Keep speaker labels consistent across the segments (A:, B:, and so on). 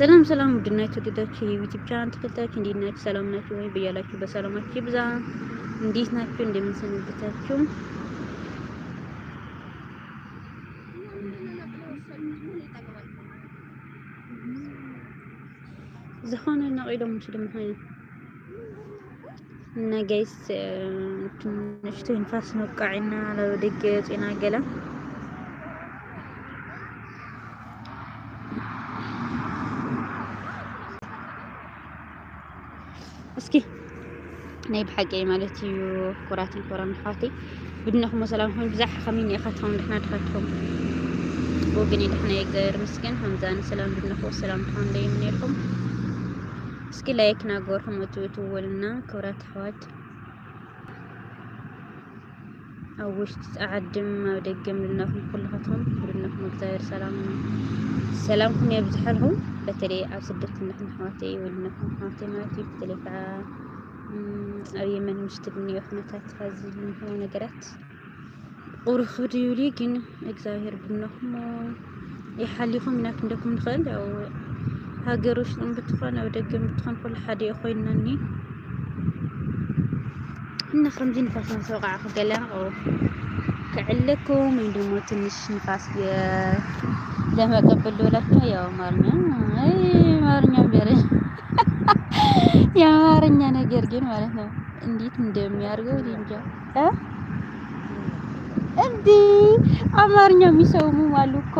A: ሰላም ሰላም፣ ውድና የተወደዳችሁ የዩቲዩብ ቻናል ተከታዮች እንዴት ናችሁ? ሰላም ናችሁ ወይ? በያላችሁ በሰላማችሁ ይብዛ። እንዴት ናችሁ? እንደምን እንደምንሰነበታችሁ ዝኾነ ነቒሎ ሙስሊም ሆነ እና ጋይስ ትንሽ ትንፋስ ነቃዒና ለወደገ ጤና ገላ ናይ ብሓቂ ማለት እዩ ኩራትን ኩራን ኣሕዋተይ ብድንኹም ሰላም ኹም ብዛሕ ከመይኒ ኢኻትኹም ድሕና ድኸትኩም ወገን ድሕና የገር ምስገን ከምዛ ሰላም ብድንኹ ሰላም ድኾን ደይም ነርኩም እስኪ ላይክ ናገርኩም እትእትውልና ክብራት ኣሕዋት ኣብ ውሽጢ ዓድም ኣብ ደገም ልናኹም ኩልኻትኩም ብድንኹም እግዚኣብሔር ሰላም ሰላም ኩን የብዝሓልኩም በተለይ ኣብ ስደት ድናኹም ኣሕዋተይ ወድናኹም ኣሕዋተይ ማለት እዩ በተለይ ከዓ ኣብ የመን ምስ ትግንዮ ኩነታት ፋዝል ነገራት ቁሩፍ ድዩ ግን እግዚኣብሔር ብነኹም ይሓሊኹም ኢና ክንደኩም ንኽእል ያው ሃገር ውሽጢ ብትኾን ኣብ ደገ ብትኾን ኩሉ ሓደ እዩ ኮይንናኒ እና ከምዚ ንፋስ ናሰብቃዕ ክገለ ክዕለኩም ወይ ደሞ ትንሽ ንፋስ ለመቀበል ልበላችሁ ያው ማርኛ ማርኛ በረ የአማርኛ ነገር ግን ማለት ነው እንዴት እንደሚያርገው እንጃ። እንዲ አማርኛ የሚሰሙ አሉ እኮ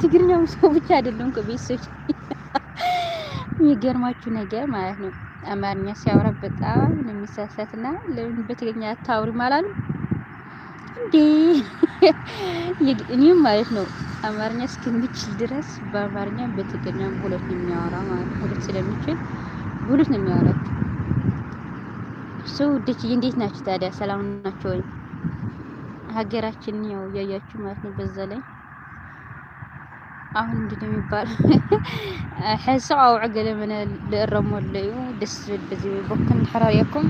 A: ትግርኛ የሚሰሙ ብቻ አይደለም እኮ ቤተሰቦች። የሚገርማችሁ ነገር ማለት ነው አማርኛ ሲያወራ በጣም ነው የሚሳሳት። እና ለምን በትግርኛ አታውሪም አላሉ እንዴ? እኔም ማለት ነው አማርኛ እስከምችል ድረስ በአማርኛ በትግርኛ ሁለት የሚያወራ ማለት ሁለት ስለሚችል ጉልት ነው የሚያወራት እሱ። ውዶችዬ እንዴት ናችሁ ታዲያ? ሰላም ናችሁ ወይ? ሀገራችን ያው እያያችሁ ማለት ነው። በዛ ላይ አሁን እንዴት ነው የሚባል ሐሰ አውዕ ገለ መነ ልእረመለዩ ደስ ዝብል በዚህ ቦክን ድሕራርየኩም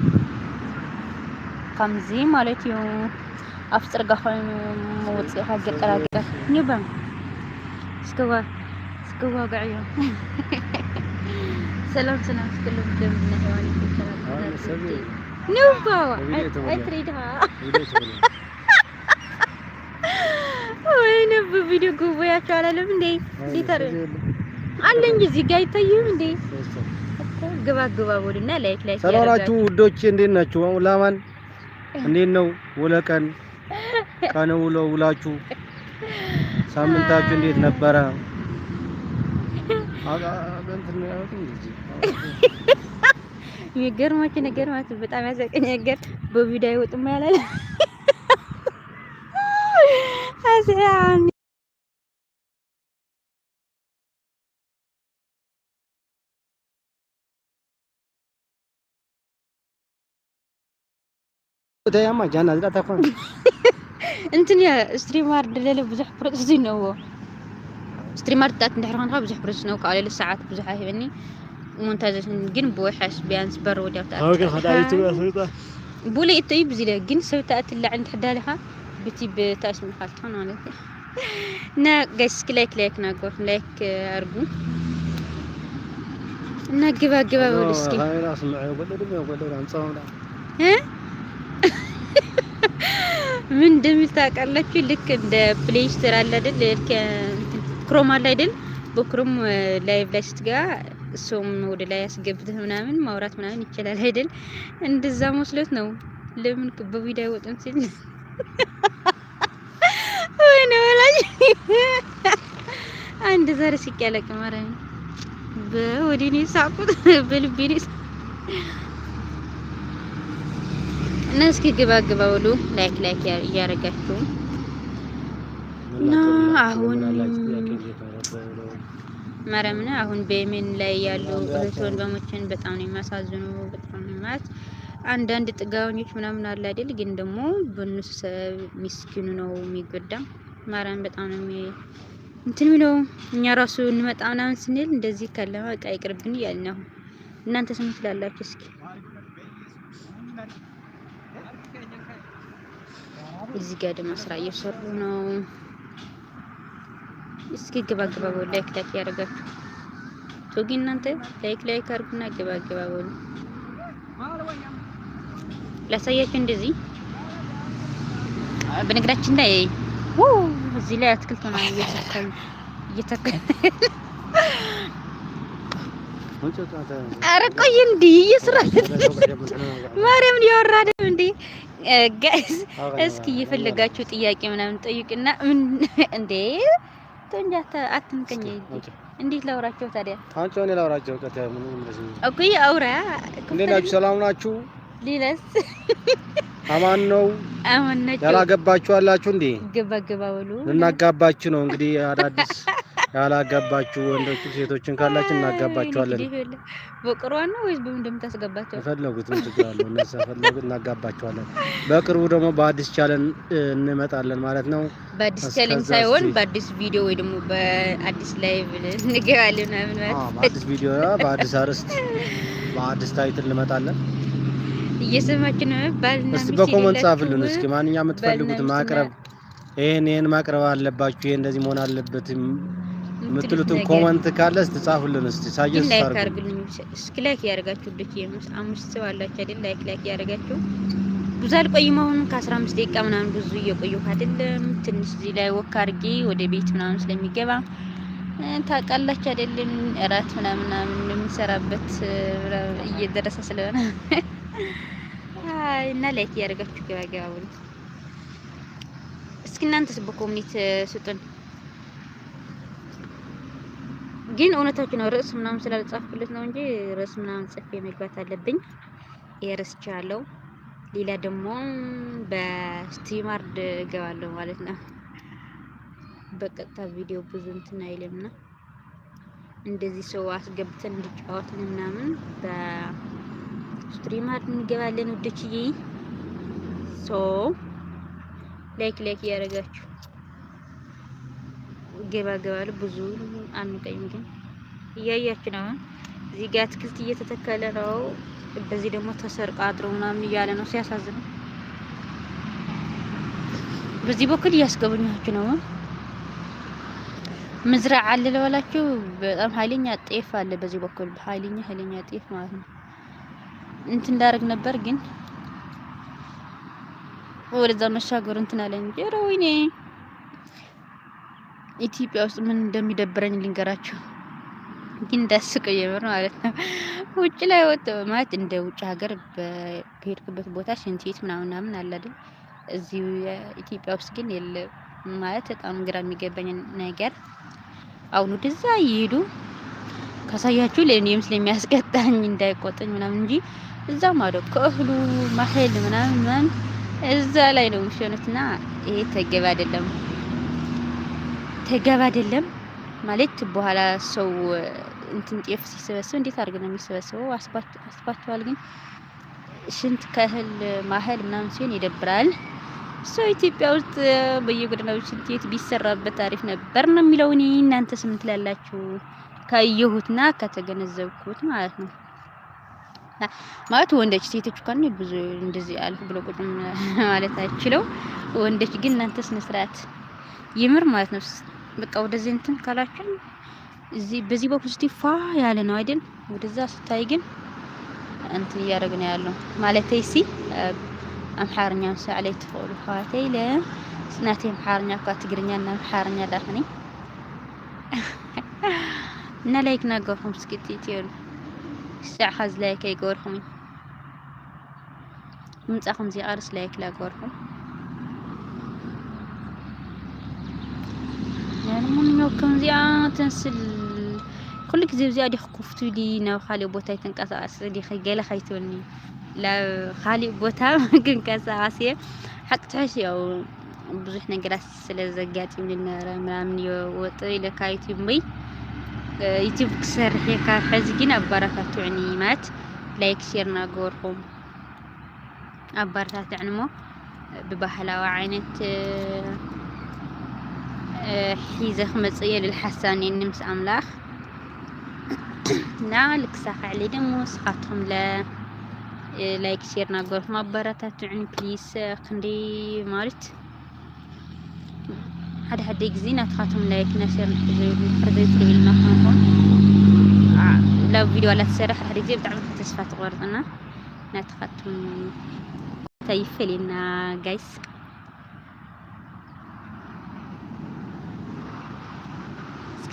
A: ከምዚ ማለት ነው። ኣብ ፅርጋ ኮይኑ ሀገር ገጠራገጠር ኒበም ስከዋ ስከዋ እዮም ሰላም ሰላም እስከለም ደም ነው ያለው አላለም እንዴ እዚህ ጋር እንዴ ግባ ግባ ላይክ ላይክ
B: ሰላም እንዴት ናችሁ ላማን እንዴት ነው ውለቀን ቀን ውሎ ውላችሁ ሳምንታችሁ እንዴት ነበረ
A: የሚገርማችሁ ነገር ማለት በጣም ያዘቀኝ ነገር በቪዲዮ አይወጡም ያላል አሰላም እንትን ያ ስትሪም አርድ ለለ ብዙሕ ፕሮሰስ ይነዎ ስትሪማር ዳት እንድሕር ኮንካ ብዙሕ ብር ዝነውካ ኣብ ሰዓት ብዙሕ ኣይህበኒ ሞንታይዜሽን ግን ብወሓሽ ቢያንስ በር ወዲያ
B: ተኣትካ
A: ብሉይ እቶ እዩ ብዚ ግን ሰብ ተኣት ላዕ እንድሕዳለኻ ብቲ ብታስምካ ትኾን ማለት እዩ እና ጋይስ ላይክ ላይክ ናጎር ላይክ ኣርጉ እና ግባ ግባ በሉ እስኪ ምን እንደሚል ታውቃላችሁ? ልክ እንደ ፕሌይ ስቶር አለ አይደል? ቦክሮም አለ አይደል? ቦክሮም ላይቭ ላይ ስትገባ እሱም ወደ ላይ ያስገብተህ ምናምን ማውራት ምናምን ይችላል አይደል? እንደዛ መስሎት ነው። ለምን በቪዲዮ አይወጥም ሲል ወይኔ ወላጅ አንድ ዘር ሲቅ ያለቅ ማለት በወዲኒ ሳቁት በልቢኒ እና እስኪ ግባ ግባ ውሉ ላይክ ላይክ እያደረጋችሁ እና አሁን መረምና አሁን በየመን ላይ ያሉ እህት ወንድሞችን በጣም ነው የሚያሳዝኑ። በጣም ማለት አንዳንድ ጥጋበኞች ምናምን አለ አይደል? ግን ደግሞ በእነሱ ሚስኪኑ ነው የሚጎዳ። ማርያም በጣም ነው እንትን የሚለው እኛ ራሱ እንመጣ ምናምን ስንል እንደዚህ ከለማ በቃ ይቅርብን እያልን አሁን እናንተ ስሙ ትላላችሁ እስኪ እዚህ ጋር ደግሞ ስራ እየሰሩ ነው። እስኪ ግባግባ በሉ ላይክ ላይክ ያደርጋችሁ ቶጊ እናንተ ላይክ ላይክ አድርጉና ግባግባ በሉ ላሳያችሁ። እንደዚህ በነገራችን ላይ እዚህ ላይ አትክልት ነው እየተከለ እየተከለ ኧረ ቆይ እንደ እየሰራ ማርያምን ያወራደ እንደ ጋይስ እስኪ እየፈለጋችሁ ጥያቄ ምናምን ጠይቅና እንዴ ተው እንጂ አትንቀኝ። እንዴት ላውራቸው ታዲያ?
B: አንቺ እኔ ላውራቸው ምን እኮ አውራ። እንዴት ናችሁ? ሰላም ናችሁ? ሌላስ አማን ነው። አማን ነው። ያላገባችሁ አላችሁ እንዴ?
A: ግባ ግባ በሉ።
B: እናጋባችሁ ነው እንግዲህ አዳዲስ ያላገባችሁ ወንዶች ሴቶችን ካላችሁ እናጋባችኋለን።
A: በቅሯን ነው ወይስ በምን እንደምታስገባቸው
B: የፈለጉት እንትላለሁ እነሱ ፈለጉት እናጋባችኋለን። በቅርቡ ደግሞ በአዲስ ቻለን እንመጣለን ማለት ነው።
A: በአዲስ ቻለን ሳይሆን በአዲስ ቪዲዮ ወይ ደግሞ በአዲስ ላይቭ እንገባለን ምናምን ማለት
B: ነው። በአዲስ ቪዲዮ በአዲስ አርዕስት በአዲስ ታይትል እንመጣለን።
A: እየሰማችሁ ነው ባልና
B: እስቲ በኮመንት ጻፍልን እስኪ ማንኛ የምትፈልጉት ማቅረብ ይሄን ይሄን ማቅረብ አለባችሁ፣ ይሄ እንደዚህ መሆን አለበት የምትሉትን ኮመንት ካለ እስቲ እስቲ ሳየስ
A: ታርጉልኝ። አርግልኝ። እስኪ ላይክ ያደርጋችሁ ልክ የምስ አምስት ሰው አላችሁ አይደል? ላይክ ላይክ ያደርጋችሁ። ብዙ አልቆይም። አሁን ከ15 ደቂቃ ምናምን ብዙ እየቆየሁ አይደለም። ትንሽ እዚህ ላይ ወክ አድርጌ ወደ ቤት ምናምን ስለሚገባ ታውቃላችሁ አይደለም? እራት ምናምን ምናምን የምንሰራበት እየደረሰ ስለሆነ እና ላይክ ያደርጋችሁ ገባ ገባ ብሎ እስኪ እናንተስ በኮሚኒቲ ስጡን። ግን እውነታችን ነው። ርዕስ ምናምን ስላልጻፍኩለት ነው እንጂ ርዕስ ምናምን ጽፌ መግባት አለብኝ። ይሄ ርዕስ ሌላ ደግሞ በስቲማርድ እገባለሁ ማለት ነው። በቀጥታ ቪዲዮ ብዙ እንትን አይልምና እንደዚህ ሰው አስገብተን እንዲጫወት ምናምን በስትሪማርድ እንገባለን። ውዶችዬ ሶ ላይክ ላይክ እያደረጋችሁ ገባ ገባል ብዙ አንቀይም፣ ግን እያያችን ነው። እዚህ ጋር አትክልት እየተተከለ ነው። በዚህ ደግሞ ተሰርቃ አጥሮ ምናምን እያለ ነው። ሲያሳዝን በዚህ በኩል እያስገቡኛችሁ ነው። ምዝራዕ አለ ለበላችሁ በጣም ኃይለኛ ጤፍ አለ በዚህ በኩል ኃይለኛ ኃይለኛ ጤፍ ማለት ነው። እንትን እንዳደርግ ነበር ግን ወደዛ መሻገር እንትን አለ እንጂ ወይኔ ኢትዮጵያ ውስጥ ምን እንደሚደብረኝ ልንገራችሁ። ግን እንዳስቀው የምር ማለት ነው። ውጭ ላይ ወጥ ማለት እንደ ውጭ ሀገር በሄድክበት ቦታ ሽንት ቤት ምናምን ምናምን አለ አይደል? እዚሁ ኢትዮጵያ ውስጥ ግን የለ ማለት በጣም ግራ የሚገባኝ ነገር አሁን ወደዛ ይሄዱ ካሳያችሁ ለእኔም ስለሚያስቀጣኝ እንዳይቆጠኝ ምናምን እንጂ እዛ ማዶ ከእህሉ ማህል ምናምን ምናምን እዛ ላይ ነው የሚሸኑትና ይሄ ተገቢ አይደለም። ተገባ አይደለም ማለት በኋላ ሰው እንትን ጤፍ ሲሰበስብ እንዴት አድርገ ነው የሚሰበስበው? አስባችኋል? ግን ሽንት ከእህል ማህል ምናምን ሲሆን ይደብራል። ሰው ኢትዮጵያ ውስጥ በየጎዳናው ሽንት ቤት ቢሰራበት አሪፍ ነበር ነው የሚለው። እኔ እናንተ ስም ትላላችሁ ካየሁትና ከተገነዘብኩት ማለት ነው። ማለት ወንዶች ሴቶች ካን ብዙ እንደዚህ አልፍ ብሎ ቁጭ ማለት አይችለው። ወንዶች ግን እናንተ ስነ ስርዓት ይምር ማለት ነው። በቃ ወደዚህ እንትን ካላችሁ እዚህ በዚህ በፖዚቲቭ ፋ ያለ ነው አይደል? ወደዛ ስታይ ግን እንትን እያደረግ ነው ያለው ማለት ሲ አምሓርኛ ሳዕለይ ትኽእሉ ኸዋተይ ለ ስናተይ አምሓርኛ እኳ ትግርኛ እና አምሓርኛ ዳኽኒ እና ላይክ ናገርኩም ስክቲ ትየሉ ሳዕ ኸዚ ላይክ ኣይገበርኩምን ምምፃኹም ዚቐርስ ላይክ ላገበርኩም ማለት ነው። ማንኛውም ከምዚኣ ተንስል ኩሉ ግዜ ብዚኣ ዲ ክኩፍቱ ዲ ናብ ካሊእ ቦታ ይተንቀሳቀስ ዲ ገለ ከይትብልኒ ናብ ካሊእ ቦታ ክንቀሳቀስ እየ ሓቂ ትሕሽ ያው ብዙሕ ነገራት ስለ ዘጋጢምኒ ነበረ ምናምን ወጥ ኢለካ ዩቲብ እምበይ ዩቲብ ክሰርሕ እየ ካብ ሕዚ ግን ኣባራታትዕኒ ማለት ላይክ ሼር እናገበርኩም ኣባራታትዕኒ እሞ ብባህላዊ ዓይነት ሒዘ ክመፅእ እየ ልብል ሓሳብ እኒአኒ ምስ ኣምላኽ እና ልክሳዕ ዕሊ ደሞ ስኻትኩም ላይክ ሼር ናገርኩም ኣበረታትዕን ፕሊስ ክንደይ ማለት ሓደ ሓደ ግዜ ናትኻትኩም ላይክና ሸር ንሕዘይትኽእልና ኮንኩም ላብ ቪድዮ ላ ትሰርሕ ሓደ ግዜ ብጣዕሚ ተስፋ ትቆርፅና ናትኻትኩም እንታይ ይፈልየና ጋይስ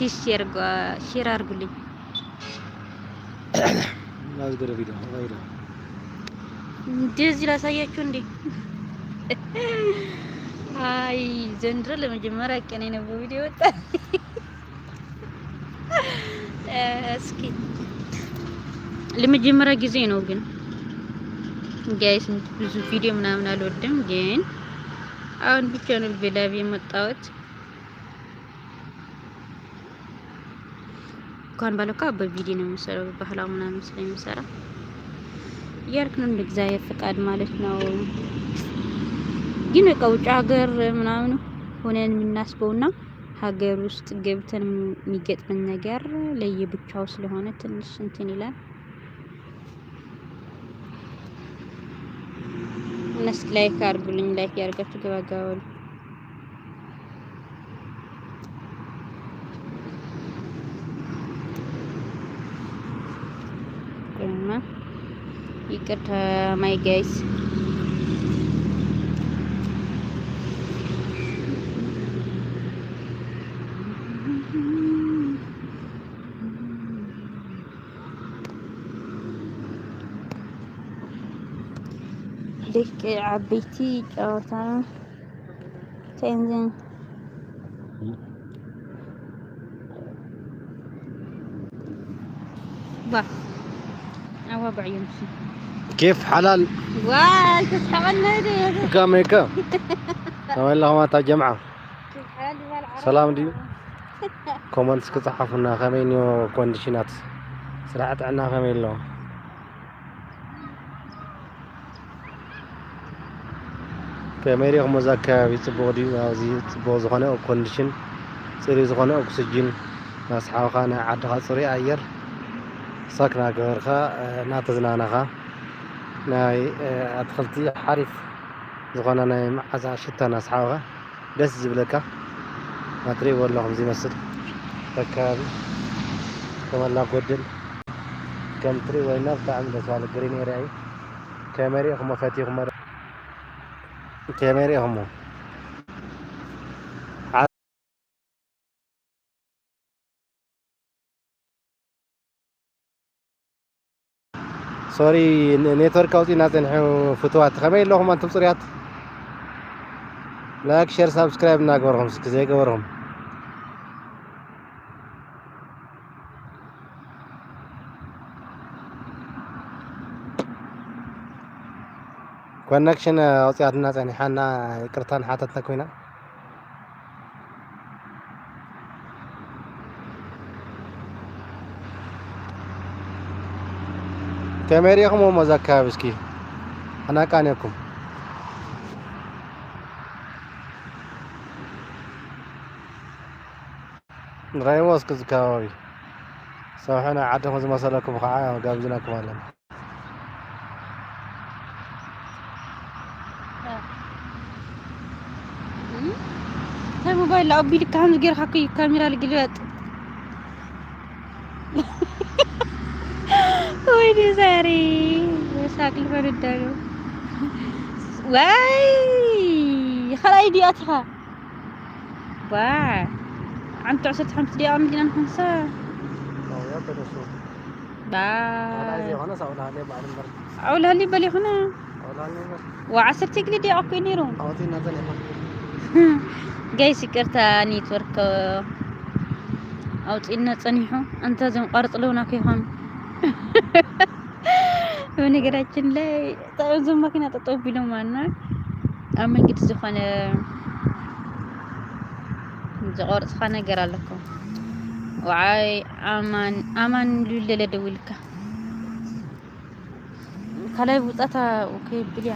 A: እስኪ ሼር አድርጉልኝ። እንደዚህ ላሳያችሁ እንዴ! አይ ዘንድሮ ለመጀመሪያ ቀን ነው ቪዲዮ ወጣ። እስኪ ለመጀመሪያ ጊዜ ነው ግን ጋይስ ብዙ ቪዲዮ ምናምን አልወድም፣ ግን አሁን ብቻ ነው በላቤ የመጣሁት። እንኳን ባለካ በቪዲዮ ነው የሚሰራው ባህላው ምናምን ስለሚሰራ እያልክ ነው እንደ እግዚአብሔር ፈቃድ ማለት ነው። ግን በቃ ውጭ ሀገር ምናምን ሆነን የምናስበውና ሀገር ውስጥ ገብተን የሚገጥመን ነገር ለየብቻው ስለሆነ ትንሽ እንትን ይላል። እነስ ላይክ አርጉልኝ፣ ላይክ ያርጋችሁ ገባገባሉ ticket, uh, my guys. Dick Abiti, Jotan, Tenzin. Va. أنا وابع يمشي
B: كيف حلال
A: واي تسحب لنا يديك
B: كم هيك وين ሰላም ድዩ ኮመንትስ ክፅሓፉና ከመይ እኒኦ ኮንዲሽናት ስራሕ ጥዕና ከመይ ኣለዎ ከመይ ሪኹም እዚ ኣከባቢ ፅቡቕ ድዩ ኣብዚ ፅቡቕ ዝኾነ ኮንዲሽን ፅሩይ ዝኾነ ኦክስጅን ናስሓብካ ናይ ዓድኻ ፅሩይ ኣየር ሳክ ናገበርካ እናተዝናናኻ ناي آه، أدخلتي حرف زغنا ناي عز عشتها ناس حاوها دس زبلكا ما تري ولا هم زي مصر فكان كم الله قدل كم تري ولا نفط عند سوال جريني رأي كاميري هم فاتي هم كاميري هم ሶሪ ኔትወርክ ኣውፅኢና ፅንሑ ፍትዋት ከመይ ኣለኹም ኣንቱም ፅርያት ላይክ ሸር ሳብስክራይብ እናገበርኩም እስኪ ዘይገበርኩም ኮነክሽን ኣውፅያትና ፀኒሓና ይቅርታ ንሓተትና ኮይና كاميريكم ومزا بسكي أنا كانيكم رايوس كزكاوي صحنا عدهم زي ما سألكم خعايا وقابزناكم علينا
A: هاي موبايل لعبي لك عامل غير حقي كاميرا الجلاد እንዴ ዛሬ ሳቅ ልፈነዳ ነው። ዋይ خلاي دياتها وا عم تعصد حمس دقيقة مدينة نخنسا باي عولها لي بالي هنا وعصر تقلي دي اوكي نيرون جاي سكرتا نيتورك او تقلنا تنيحو انت زم قرط لونا كي هون በነገራችን ላይ ጣውዙ መኪና ጠጦ ቢለው ማና ኣብ መንገዲ ዝኾነ ዝቆርፅካ ነገር ኣለኩ ወዓይ ኣማን ኣማን ልብለለ ደውልካ ካልኣይ ውፃታ ኦኬ እያ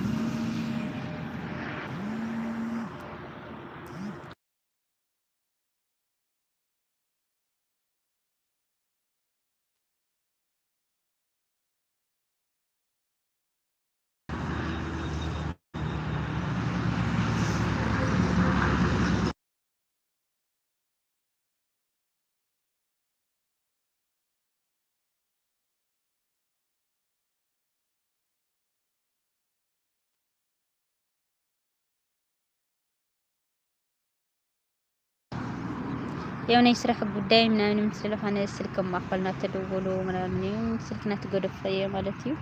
A: የሆነ የስራ ጉዳይ ምናምን ስለሆነ ስልክ ማፈልና ተደውሎ ምናምን ስልክና ትገደፈየ ማለት እዩ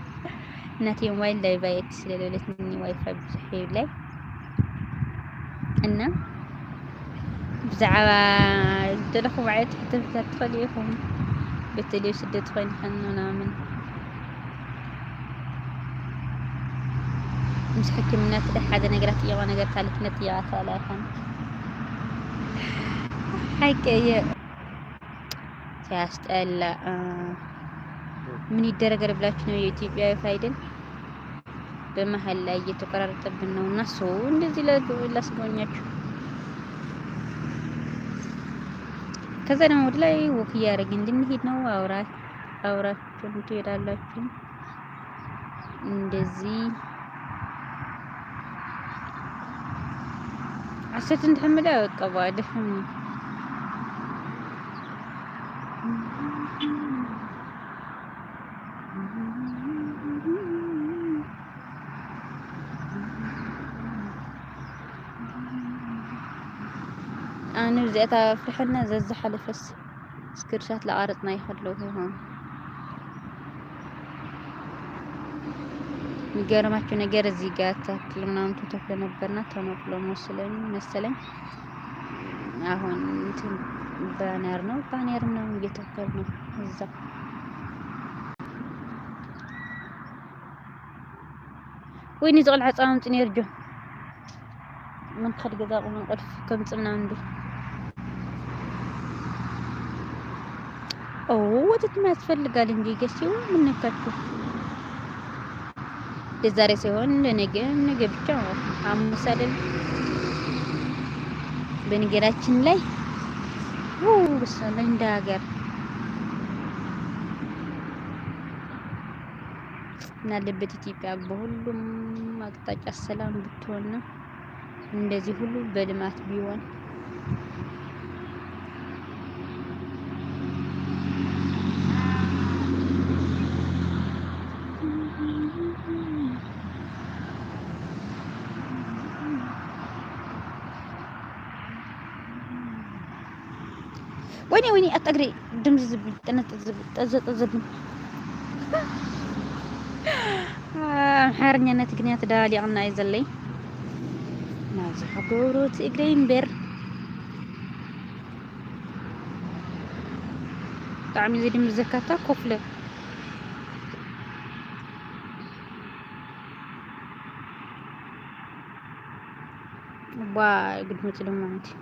A: እናቴ ሞባይል ላይ ባየት ስለሌለትኒ ዋይፋይ ብዙሕ የብላይ እና ብዛዕባ ዝደለኹም ዓይነት ሕትምታት ትኽእሉ ኢኹም በተለይ ስደት ኮይንከን ምናምን ምስ ሕክምና ሓደ ነገራት ጥያቄ ነገር ታልክነት ጥያቄ ተባላ ይኹን አይቀየር ሲያስጠላ። ምን ይደረጋል ብላችሁ ነው የኢትዮጵያ ፋይደል በመሀል ላይ እየተቆራረጠብን ነው እና ሰው እንደዚህ ላስጎኛችሁ። ከዛ ደግሞ ወደ ላይ ወክ እያደረግን እንድንሄድ ነው። አውራ አውራችሁን ትሄዳላችሁ እንደዚህ አሰት እንድሐምላ በቃ ኣነ እዚኣታ ኣፍልሐልና ዘዝሓለፈስ ስክርሻት ዝቐረፅና ይኸለኹ ይኾኑ የሚገርማችሁ ነገር እዚህ ጋር ተክል ምናምን ተተክሎ ነበርና ተነቅሎ መስለኝ መሰለኝ አሁን እንትን ባነር ነው ባነር ምናምን እየተከል ነው እዛ ወይኒ ዝቆልዓ ህፃውንቲ ነርጆ ምን ክድ ገዛ ቁምን ቁልፍ ከምፅ ምናምን ብል ኦ ወተት ያስፈልጋል እንጂ ገሲው ምን ነካችሁ? የዛሬ ሳይሆን ለነገ ነገ ብቻ ነው። ሐሙስ በነገራችን ላይ ኦ በሰለ እንደ ሀገር ምናለበት ኢትዮጵያ በሁሉም አቅጣጫ ሰላም ብትሆንና እንደዚህ ሁሉ በልማት ቢሆን ወይኔ ወይኔ አጠግሬ ድምዝዝብኝ ተነጥዝብኝ ተዘጠዝብኝ አምሓርኛነት ግንያት ዳ ሊቕና እዩ ዘለይ ናብዚ ሓገብሮ ትግሬ እምበር ብጣዕሚ እዚ ድምፅ ዘካታ ኮፍለ ባ ግድመፂ ሎ ማለት እዩ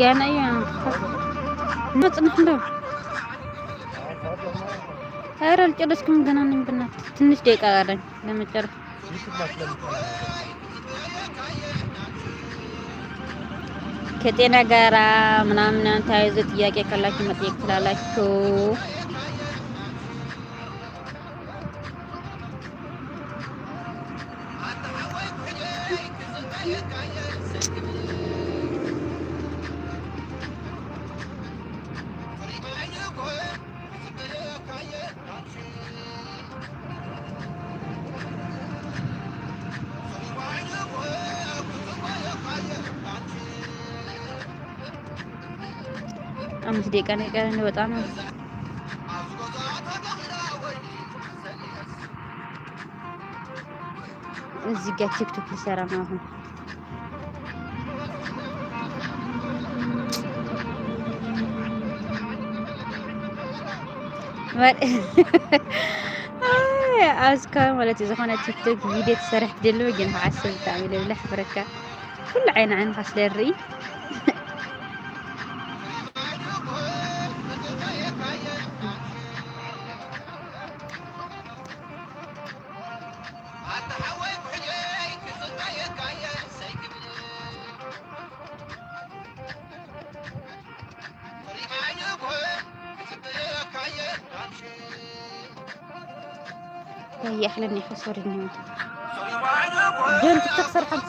A: ገና ይመጽንህ ኧረ አልጨረስኩም ገና ነኝ። በእናትህ ትንሽ ደቂቃ አለኝ ለመጨረስ። ከጤና ጋራ ምናምን ተያይዞ ጥያቄ ካላችሁ መጠየቅ ትችላላችሁ። ደቂቃ ነው የቀረን። በጣም እዚህ ጋር ቲክቶክ ሊሰራ ነው አሁን። عاوزكم ولا تزخون تيك توك فيديو تسرح دلو جنها عسل تعمل ولا حبركة كل عين عين خاص للري تكسر اليوم بين تكسر حد